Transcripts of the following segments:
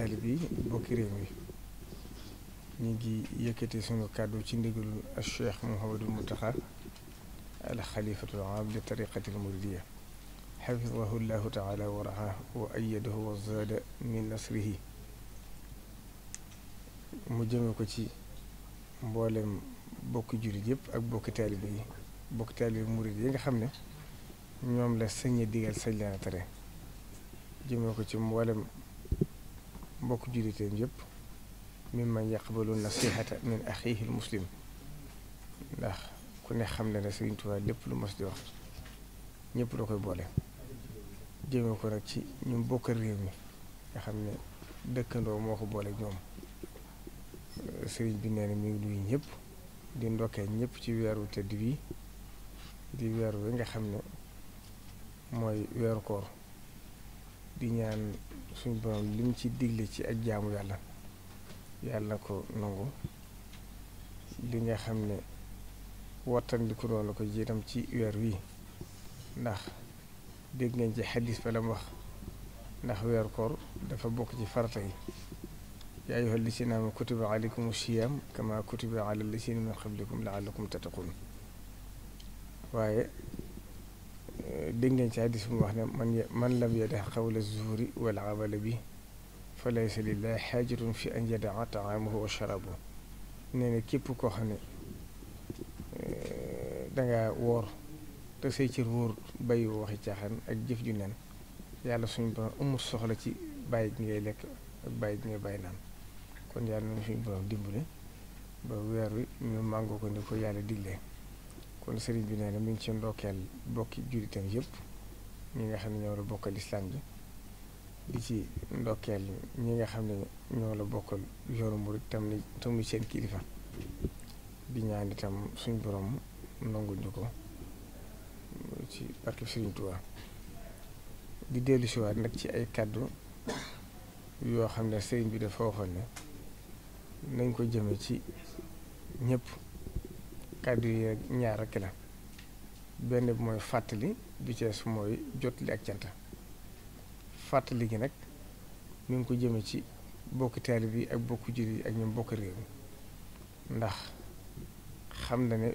taalib yi bokki réew mi ñu ngi yëkkati suñu kàddu ci ndigalul al cheikh Mouhamadul Mountakha al xalifatul aam muridiya xafidahu llahu taala wa raxaa mu jëme ko ci mboolem bokki jullit yëpp ak bokki taalib yi bokki taalib murid yi nga xam ne ñoom la sañ digal sañ leen a tere jëme ko ci mboolem mbokk julliteem yëpp min man yaqbalu nasihata min axiihi l muslim ndax ku ne xam ne ne Sëriñ Tuubaa lépp lu mos di wax ñëpp doo koy boole jëmee ko nag ci ñun bokk réew mi nga xam ne dëkkandoo moo ko boole ñoom sëriñ bi nee mi ngi nuyu ñëpp di ndokkee ñëpp ci weeru tëdd wi di weer wi nga xam ne mooy weeru koor di ñaan suñ borom lim ci digle ci ak jaamu yàlla yàlla ko nangu li nga xam ne wattandiku noonu la ko jiitam ci weer wi ndax dégg ngeen ci xadis ba la wax ndax weer koor dafa bokk ci farata yi yaa ayyuha lladiina aamanu kutiba alaykumu siyaam kama kutiba ala lladiina min qablikum laallakum tattaqun waaye dégg ngeen ci hadiis bi mu wax ne man man xaw yada xawla zuhuri wal amala bi fa laysa lillahi xaajatun fi an yadaa taamahu wa sharabu nee na képp koo xam ne eh, danga woor te say cër wóor bàyyi waxi caaxaan ak jëf ju neen yàlla suñu borom amul soxla ci bàyyi gi ngay lekk ak bàyyi gi ngay bàyyi naan kon yàlla nañu suñu borom dimbali ba weer wi ñu màngoo ko ni ko yàlla diglee kon sëriñ bi nee mu mi ngi ci ndokkeel bokki jullitam yëpp ñi nga xam ne ñoo la bokkal islam bi di ci ndokkeel ñi nga xam ne ñoo la bokkal yoru murit tam ni tamuy seen kilifa di ñaan itam suñ borom nangu ñu ko ci barke Sëriñ Tuubaa di dellu siwaat nag ci ay kàddu yoo xam ne sëriñ bi dafa waxoon ne nañ ko jëme ci ñëpp kàddu yi ñaar rekk la benn bi mooy fàttali bi cees mooy jotli ak cant fàttali gi nag mi ngi ko jëme ci bokki taalib bi ak bokki jur ak ñoom bokk réew mi ndax xam na ne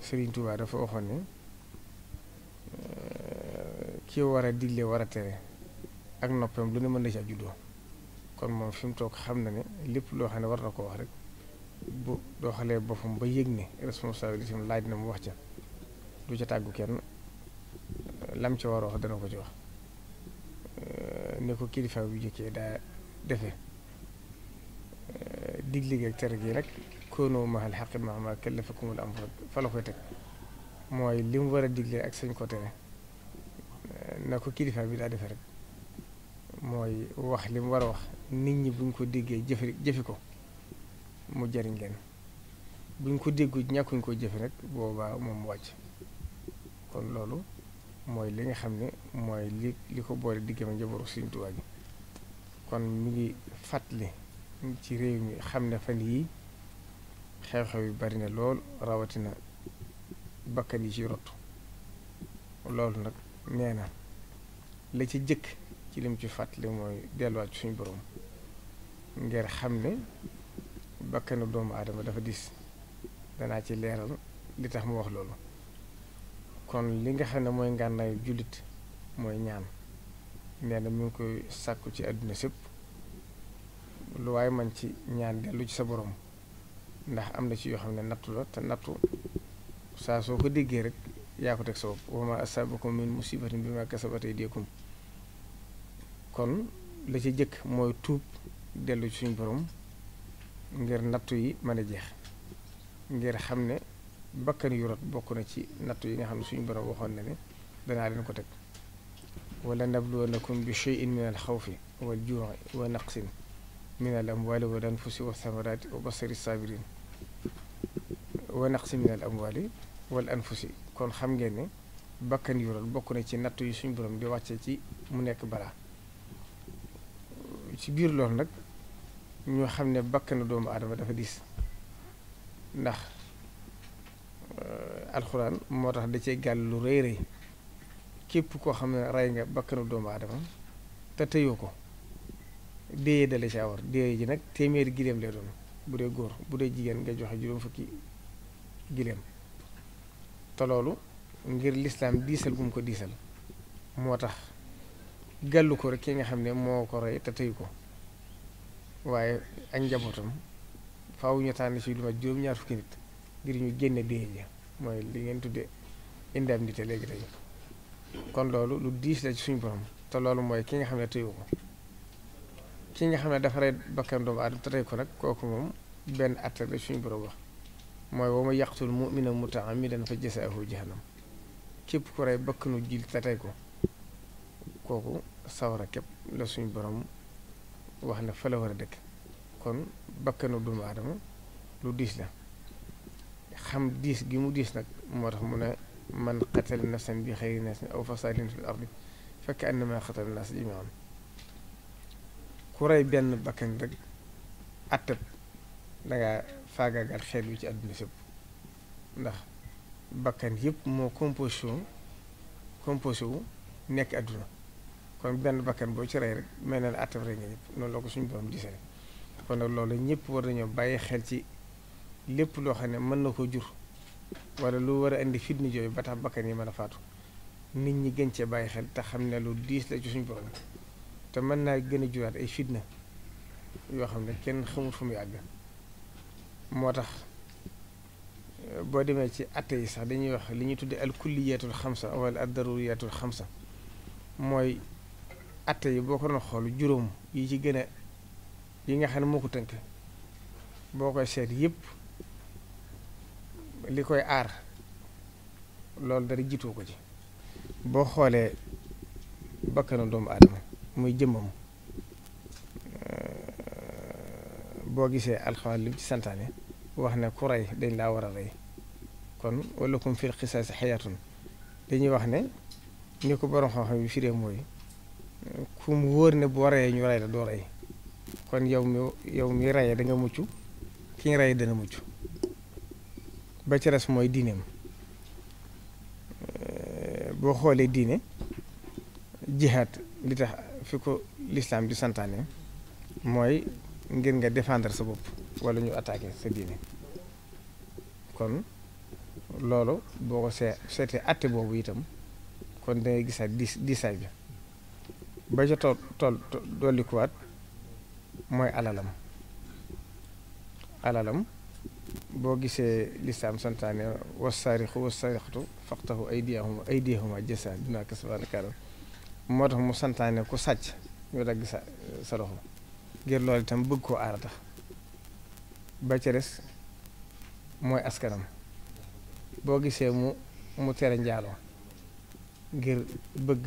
Sëriñ Tuubaa dafa waxoon ne euh, ki war a digle war a tere ak noppam lu ne mën na ci ab juddoo kon moom fi mu toog xam na ne lépp loo xam ne war na ko wax rek bu doxalee boppam ba yëg ne responsabilité am laaj na mu wax ca du ca tàggu kenn lam ca war a wax dana ko ci wax ne ko kilifa bu jëkkee daa defe digle gi ak tere gi rek koonoo mahal xaqi mahama kallafakumul am fa la koy teg mooy li mu war a digle ak sañ ko tere na ko kilifa bi daa defe rek mooy wax li mu war a wax nit ñi buñ ko déggee jëfe jëfe ko mu jariñ leen buñ ko déggu ñàkkuñ ko jëfe nag boobaa moom wàcc kon loolu mooy li nga xam ne mooy li li ko boole diggam njaboru Sëriñ Tuubaa gi kon mu ngi fàttali ci réew mi xam ne fan yii xew-xew yi bari na lool rawatina bakkan yi ci rot loolu nag nee na la ci jëkk ci lim ci fàttali mooy delluwaat suñu borom ngir xam ne bakkanu doomu aadama dafa diis danaa ci leeral li tax mu wax loolu kon li nga xam ne mooy ngànnaayu jullit mooy ñaan nee na mu ngi koy sàkku ci àdduna sépp lu waaye man ci ñaan dellu ci sa borom ndax am na ci yoo xam ne nattu la te nattu saa soo ko déggee rek yaa ko teg sa bopp wa ma asabakum bi musibatin bima kasabat aydikum kon la ci jëkk mooy tuub dellu ci suñu boroom ngir nattu yi mën a jeex ngir xam ne bakkan yu bokk na ci nattu yi nga xam ne suñu borom waxoon na ne ko teg wal juu'i wa naqsin min al amwali wal anfusi wa thamarati wa basari sabirin wa naqsin min al amwali wal kon xam ngeen ne bakkan yu rot na ci nattu yi suñu borom di wàccee ci mu nekk balaa ci biir loolu nag ñoo xam ne na doomu aadama dafa diis ndax euh, alxuraan moo tax da cee gàll lu rëy rëy képp koo xam ne rey nga bakkanu doomu aadama te tëyoo ko déyee dale ci awar déyee ji nag téeméeri gileem lay doon bu dee góor bu dee jigéen nga joxe juróom fukki giléem te loolu ngir lislaam diisal gu mu ko diisal moo tax gàllu ko rek ki nga xam ne moo ko rey te tëyu ko waaye ak njabootam faaw ñu tànn si lu ma juróom-ñaar fukki nit ngir ñu génne biir ñi mooy li ngeen tudde indemnité léegi tey kon loolu lu diis la ci suñu borom te loolu mooy ki nga xam ne téyu ko ki nga xam ne dafa rey bakkan doomu aadama ko nag kooku moom benn atte la suñu borom wax mooy wa ma yaqtul mu'mina mutaamidan fa jasaahu jahannam képp ku rey bakkanu jil te ko kooku sawara képp la suñu borom wax ne fa la war a dëkk kon bakkanu doomu aadama lu diis la xam diis gi mu diis nag moo tax mu ne man qatala nafsan bi xayri nafsin aw fasaadin fil ardi fa ka annama qatala naas jamiian ku rey benn bakkan rek attab dangaa faagaagaal xeet wi ci àdduna sépp ndax bakkan yëpp moo composé composé wu nekk àdduna kon benn bakkan boo ci rey rek mel na ne àttab rey nga ñëpp noonu la ko suñu borom gisee kon nag loolu ñëpp war nañoo bàyyi xel ci lépp loo xam ne mën na koo jur wala lu war a indi fitna jooyu ba tax bakkan yi mën a faatu nit ñi gën cee bàyyi xel te xam ne lu diis la ci suñu borom te mën naa gën a juraat ay fitna yoo xam ne kenn xamul fu muy àgg moo tax euh, boo demee ci atte yi sax dañuy wax li ñuy tuddee al kulliyatul xamsa wala ad daruriyatul xamsa mooy atte yi boo ko doon xool juróom yi ci gëna yi nga xam ne moo ko tënk boo koy seet yëpp li koy aar loolu dara jiitoo ko ci boo xoolee bakkanu doomu aadama muy jëmmam euh, boo gisee alxames lim ci santaane wax ne ku rey dañ laa war a rey kon wala kum fil xisaasi xayaatun dañuy wax ne ni ko borom xam-xam bi firee mooy ku mu wóor ne boo reyee ñu rey la doo rey kon yow mi yow mi mucc ki ñu reyee dana mucc ba ci mooy diineem boo xoolee diine jihaat li tax fi ko lislaam di santaane mooy ngir nga défendre sa bopp walla ñu attaqué sa diine kon loolu boo ko see seetee atte boobu itam kon dangay gisaat diis diisaay bi ba ca tool tool dollikuwaat mooy alalam alalam boo gisee lislaam santaane wasaarixu wasaarixatu faqtahu aydiyahuma aydiyahuma jasa bima kasabana kaanam moo tax mu santaane ku sàcc ñu dagg sa sa loxo ngir loolu itam bëgg koo aar ba ca mooy askanam boo gisee mu mu tere njaaloo ngir bëgg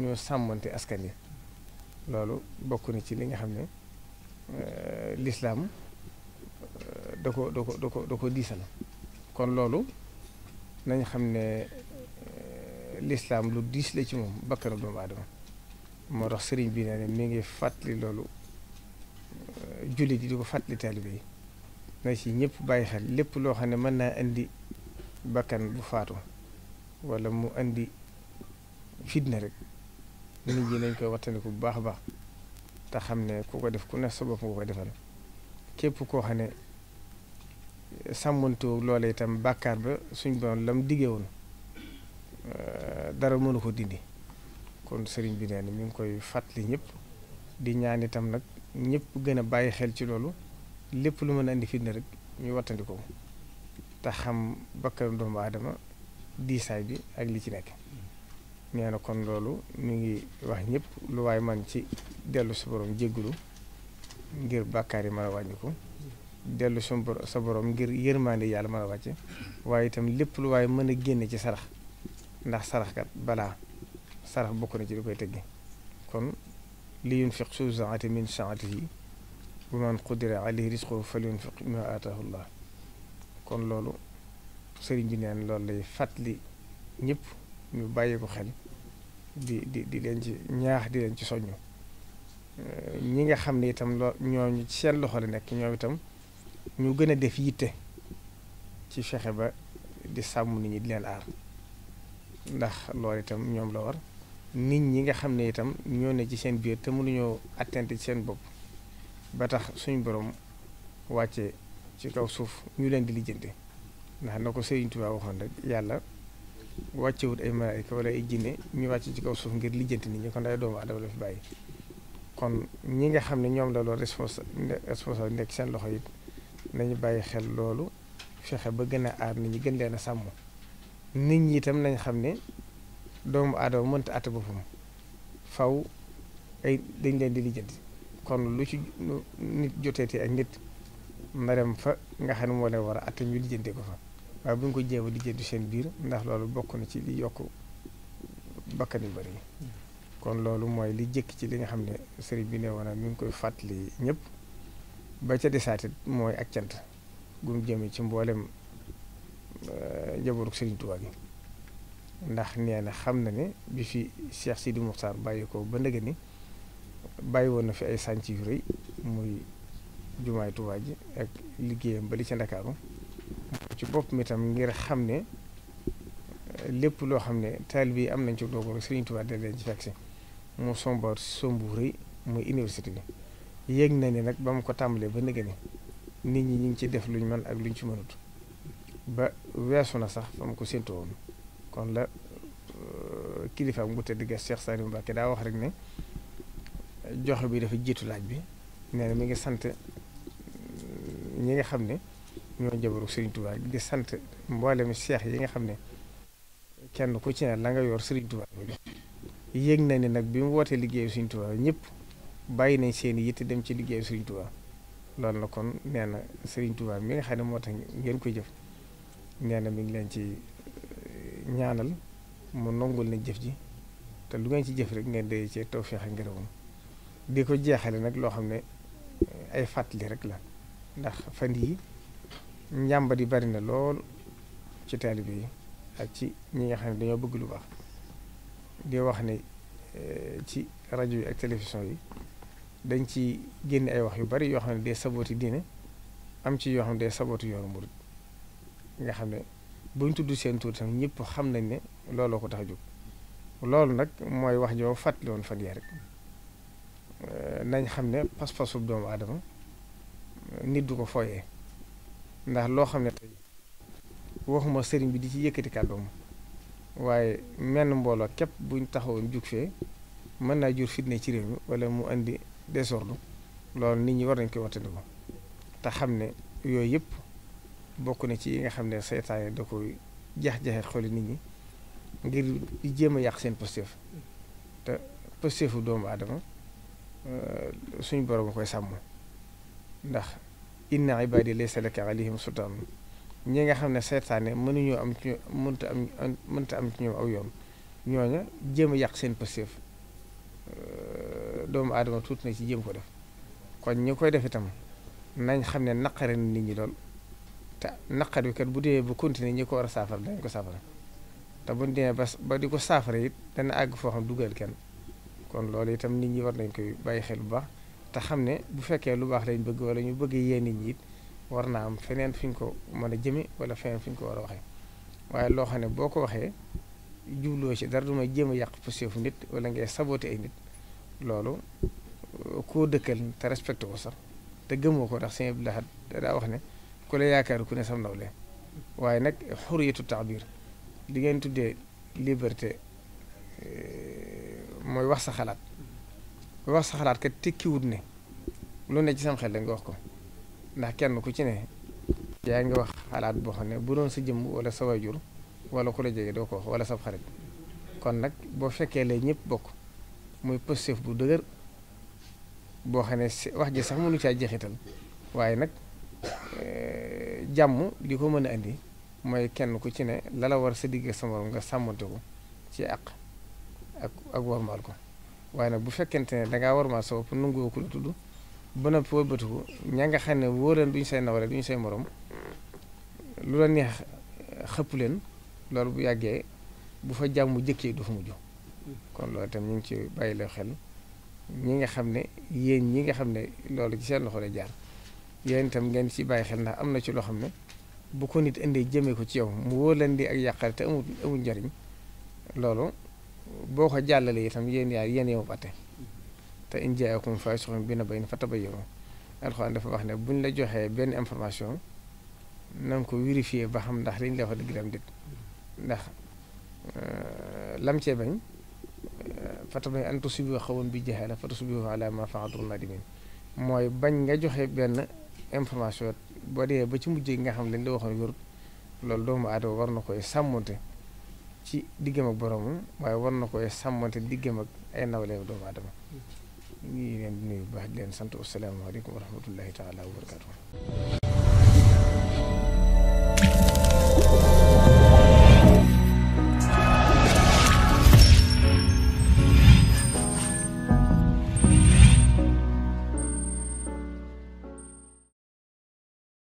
ñu sàmmante askan yi loolu bokk na ci li nga xam ne euh, lislaam euh, da ko da ko da ko da ko diisal kon loolu nañ xam ne euh, lislaam lu diis la ci moom bakkanu doomu aadama moo tax sëriñ bi ne mi ngi fàttali loolu jullit yi di ko fàttali taalibe yi na ci ñëpp bàyyi xel lépp loo xam ne mën naa indi bakkan bu faatu walla mu indi fitna rek nit ñi nañ koy wattandiku bu baax a baax te xam ne ku ko def ku ne sa bopp nga koy defal képp koo xam ne sàmmantewu loole itam bàkkaar ba suñ borom lam diggee woon euh, dara mënu ko dindi kon sëriñ bi nee na mi ngi koy fàttali ñëpp di ñaan itam nag ñëpp gën a bàyyi xel ci loolu lépp lu mën a indi fitna rek ñu wattandiko te xam bakkan doomu aadama diisaay bi ak li ci nekk nee na kon loolu ñu ngi wax ñëpp lu waay man ci dellu sa borom jéggulu ngir bàkkaar yi mën a wàññiku dellu sa borom ngir yërmaande yàlla mën a wàcce waaye itam lépp lu waaye mën a génne ci sarax ndax saraxkat balaa sarax bokk na ci li koy teggi kon li yunfiq su saati min saatihi wa man qudira alayhi risquhu falyunfiq mimma aataahu llah kon loolu sëriñ bi neen lool lay li ñëpp ñu bàyyi ko xel di di di leen ci ñaax di leen ci soññu euh, ñi nga xam ne itam loo ñooñu ci seen loxo la nekk ñoom itam ñu gën a def yitte ci fexe ba di sàmm nit di leen aar ndax loolu ñoom la war nit ñi nga xam ne itam ñoo ne ci seen biir te mënuñoo attente ci seen bopp ba tax suñu boroom wàcce ci kaw suuf ñu leen di lijjante ndax na ko Sëriñ Tuubaa waxoon yàlla. wàccewut ay malaayka wala ay jinne ñu wàcc ci kaw suuf ngir lijjanti nit ñi kon day doomu aadama la fi bàyyi kon ñi nga xam ne ñoom la loolu responsa responsable nekk seen loxo it nañu bàyyi xel loolu fexe ba gën a aar nit ñi gën leen sàmm nit ñi itam nañ xam ne doomu aadama mënta àtte boppam faw ay dañ leen di lijjanti kon lu ci nit joteeti ak nit narem fa nga xam ne moo leen war a àtte ñu lijjanti ko fa waaye bu ñu ko jéem a lijjanti seen biir ndax loolu bokk na ci li yokk bakkan yu bari kon loolu mooy li jëkk ci li nga xam ne sëriñ bi ne woon mi ngi koy fàttali ñëpp ba ca desaatit mooy ak cant gum jëme ci mboolem euh, njabootu sëriñ Tuubaa gi ndax nee na xam na ne bi fi si di Muxtaar bàyyi ko ba ndëgë ni bàyyi woon na fi ay sànc yu rëy muy jumaay Tuubaa ji ak liggéeyam ba li ca Ndakaaru ci boppam itam ngir xam ne lépp loo xam ne taalibe yi am nañ ci doogoor Serigne de da leen ci fekk si mu sombar sombu rëy muy université bi yéeg na ni nag ba mu ko tàmbalee ba nëgë ni nit ñi ñu ngi ci def luñ mën ak luñ ci mënut ba weesu na sax fa mu ko séntu woon kon la euh, kilifaam bu tëdd ga Cheikh Saliou Mbacké daa wax rek ne joxe bi dafa jiitu laaj bi nee na mi ngi sant mm, ñi nga xam ne ñoo jabaru Serigne Touba di sant mboolem seex yi nga xam ne kenn ku ci ne la nga yor Serigne Touba yéeg na ne nag bi mu wootee liggéeyu Serigne Touba ñëpp bàyyi nañ seen i yitte dem ci liggéeyu Serigne Touba loolu na kon nee na Serigne Touba mi nga xam ne moo tax ngeen koy jëf nee na mi ngi leen ci eh, ñaanal mu nongul na jëf ji te lu ngeen ci jëf rek ngeen day cee tawfeex ak ngërëmam di ko jeexale nag loo xam ne eh, ay fàttali rek la ndax fan yi njàmbat yi bari na lool ci taalibe yi ak ci ñi nga xam ne dañoo bëgg lu baax di wax ne eh, ci rajo yi ak télévision yi dañ ci génne ay wax yu bari yoo xam ne day sabooti diine am ci yoo xam ne day sabooti yoonu murid nga xam ne buñ tudd seen tur tam ñëpp xam nañ ne looloo ko tax a jóg loolu nag mooy wax joo fàttali woon fan yii rek eh, nañ xam ne pas-pasu doomu aadama nit du ko fooyee ndax loo xam ne tey waxuma sëriñ bi di ci yëkkati kàddoom waaye menn mbooloo képp buñ taxawoon jug fee mën naa jur fitne ci réew mi wala mu indi désordre loolu nit ñi war nañ koy wattandiku te xam ne yooyu yëpp bokk na ci yi nga xam ne seytaane da koy jax-jaxe xooli nit ñi ngir di jéem a yàq seen positif te positifu doomu aadama euh, suñ borom koy sàmm ndax inna ibaadi laysa laka alayhim sultaan ñi nga xam ne seytaane mënuñoo am ci mënta am mënta am ci ñoom aw yoon ñooña jéem a yàq seen pëstéef doomu adama tuuti na ci jéem ko def kon ñi koy def itam nañ xam ne naqare ni nit ñi lool te naqar bi kat bu demee bu continuer ñi ko war a saafara dañ ko saafara te bu ñu demee ba di ko saafara it dana àgg foo xam dugal kenn kon loolu itam nit ñi war nañ koy bàyyi xel bu baax. te xam ne bu fekkee lu baax lañ bëgg wala ñu bëgg yee nit ñi it war naa am feneen fi ñu ko mën a jëme wala feneen fi ñu ko war a waxee waaye loo xam ne boo ko waxee jubloo ci dara du may jéem a yàq pëseefu nit wala ngay saboté ay nit loolu euh, koo dëkkal te respecté ko sax te gëmoo ko ndax sëñ Abdou Lahad daa wax ne ku la yaakaar ku ne sam nawle waaye nag xuriyatu taabir li ngeen tuddee liberté euh, mooy wax sa xalaat wax sa xalaat kat tikkiwut ne lu ne ci sam xel nga wax ko ndax kenn ku ci ne yaa ngi wax xalaat boo xam ne bu doon sa jëmm wala sa wayjur wala ko la jege doo ko wax wala sa xarit kon nag boo fekkee lay ñëpp bokk muy positif bu dëgër boo xam ne wax ji sax mënu caa jeexital waaye nag eh, jàmm li ko mën a indi mooy kenn ku ci ne lala war sa digg sa morom nga sàmmante ko ci àq ak ak warmaal ko waaye nag bu fekkente ne dangaa war maa sa bopp nangoo ku la tudd ba noppi wëlbatiku ña nga xam ne wóor leen duñ say nawle duñ say morom lu la neex xëpp leen loolu bu yàggee bu fa jàmm jëkkee du fa mujj kon loolu itam ñu ngi ci bàyyi la xel ñi nga xam ne yéen ñi nga xam ne loolu ci seen loxo jaar yéen tam ngeen ci bàyyi xel ndax am na ci loo xam ne bu ko nit indee jëmee ko ci yow mu wóor leen ak yàqare te amul njariñ loolu boo ko jàllalee itam yéen yaar yéen yemu atte te in jaakum faasiqun bi naba'in fatabayyanu alxuraan dafa wax ne buñ la joxee benn information na ko vérifier ba xam ndax liñ la wax dëgg la am déet ndax euh, lam cee bañ euh, fatabayyanu an tusiibu qawman bi jahaala fatusbihu alaa maa mooy bañ nga joxe benn information boo dee ba ci mujj nga xam lañ la waxoon wérut loolu doomu aadama war na koy sàmmonte ci diggam ak boromam waaye war na ko sàmmante diggam ak ay nawleem doomu aadama ñu ngi leen di nuyu baax di leen sant asalaamaaleykum wa rahmatullahi taala wa barakaatu